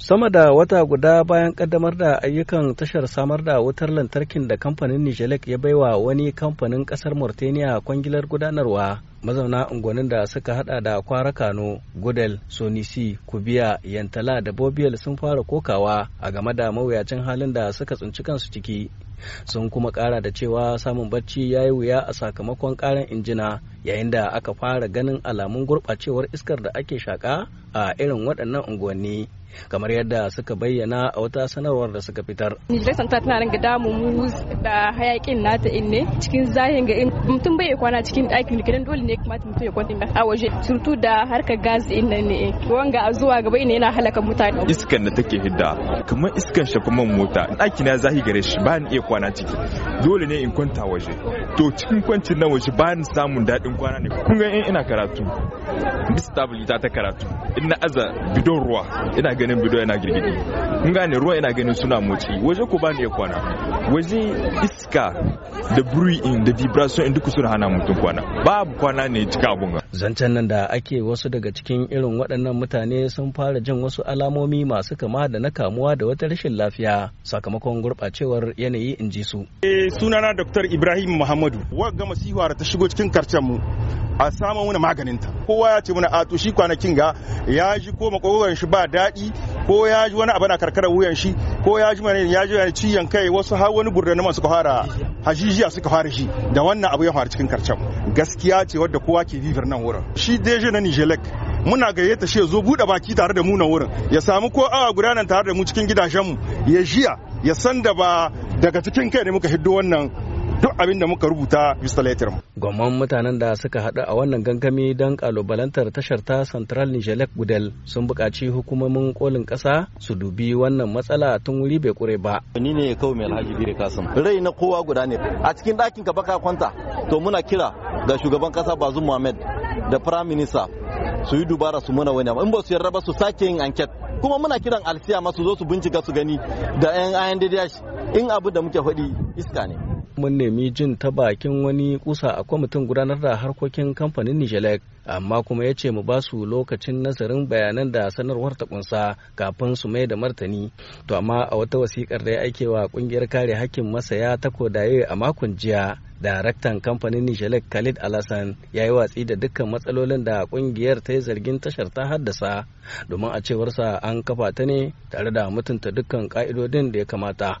Sama da wata guda bayan kaddamar da ayyukan tashar samar da wutar lantarkin da kamfanin Nijelek ya baiwa wani kamfanin kasar Mauritania kwangilar gudanarwa mazauna unguwannin da suka hada da kwara kano gudel sonisi kubiya yantala da bobiyal sun fara kokawa a game da mawuyacin halin da suka tsinci kansu ciki sun kuma kara da cewa samun bacci ya yi wuya a sakamakon karin injina yayin da aka fara ganin alamun gurɓacewar iskar da ake shaka a irin waɗannan unguwanni kamar yadda suka bayyana a wata sanarwar da suka fitar. Nijirai Santa tana nan ga damu mu da hayakin nata in ne cikin zahin ga in mutum bai kwana cikin ɗakin gidan dole ne ya kamata mutum ya kwanta a waje surtu da harkar gas din nan ne wanga a zuwa gaba ne yana halaka mutane iskan da take hidda kamar iskan shafaman mota daki na zahi gare shi ba ni iya kwana ciki dole ne in kwanta waje to cikin kwancin na waje ba ni samun dadin kwana ne kun ga in ina karatu bisa tabulita ta ta karatu ina aza bidon ruwa ina ganin bidon yana girgidi kun gane ruwa ina ganin suna motsi waje ko ba ni iya kwana waje iska da breathing da vibration in duka suna hana mutum kwana babu kwana rana ne cika zancen nan da ake wasu daga cikin irin waɗannan mutane sun fara jin wasu alamomi masu kama da na kamuwa da wata rashin lafiya sakamakon gurɓacewar yanayi in ji su eh sunana dr ibrahim muhammadu wagga masihuwar ta shigo cikin karcen mu a samu maganin maganinta kowa ya ce mana a to shi kwanakin ga ya ji ko makogoron shi ba daɗi ko ya ji wani abu na karkarar wuyan shi ko ya ji wani ya ji wani ciyan kai wasu har wani gurdani man suka fara hajijiya suka fara shi da wannan abu ya faru cikin karcam gaskiya ce wadda kowa ke bibir nan wurin shi deje na nijelek muna gayyata shi zo bude baki tare da mu na wurin ya samu ko awa guda nan tare da mu cikin mu ya jiya ya san da ba daga cikin kai ne muka hiddo wannan duk abin da muka rubuta bisa letter mu. Gwamman mutanen da suka haɗu a wannan gangami don kalubalantar tashar ta Central Nijelek Gudel sun buƙaci hukumomin kolin ƙasa su dubi wannan matsala tun wuri bai kure ba. Ni ne kawai mai alhaji Bire Kasim. Rai na kowa guda ne. A cikin ɗakin ka baka kwanta to muna kira ga shugaban ƙasa Bazum Mohammed, da Prime Minister su yi dubara su muna wani in ba su yarda ba su sake yin anket kuma muna kiran alsiya masu zo su bincika su gani da 'yan ayan in abu da muke faɗi iska ne mun nemi jin ta bakin wani kusa a kwamitin gudanar da harkokin kamfanin nijelek amma kuma ya ce mu ba su lokacin nazarin bayanan da sanarwar ta kunsa kafin su mai da martani to amma a wata wasikar da ya wa kungiyar kare hakkin masaya ta kodaye a makon jiya daraktan kamfanin nijelek khalid alasan ya yi watsi da dukkan matsalolin da kungiyar ta yi zargin tashar ta haddasa domin a cewarsa an kafa ta ne tare da mutunta dukkan ka'idodin da ya kamata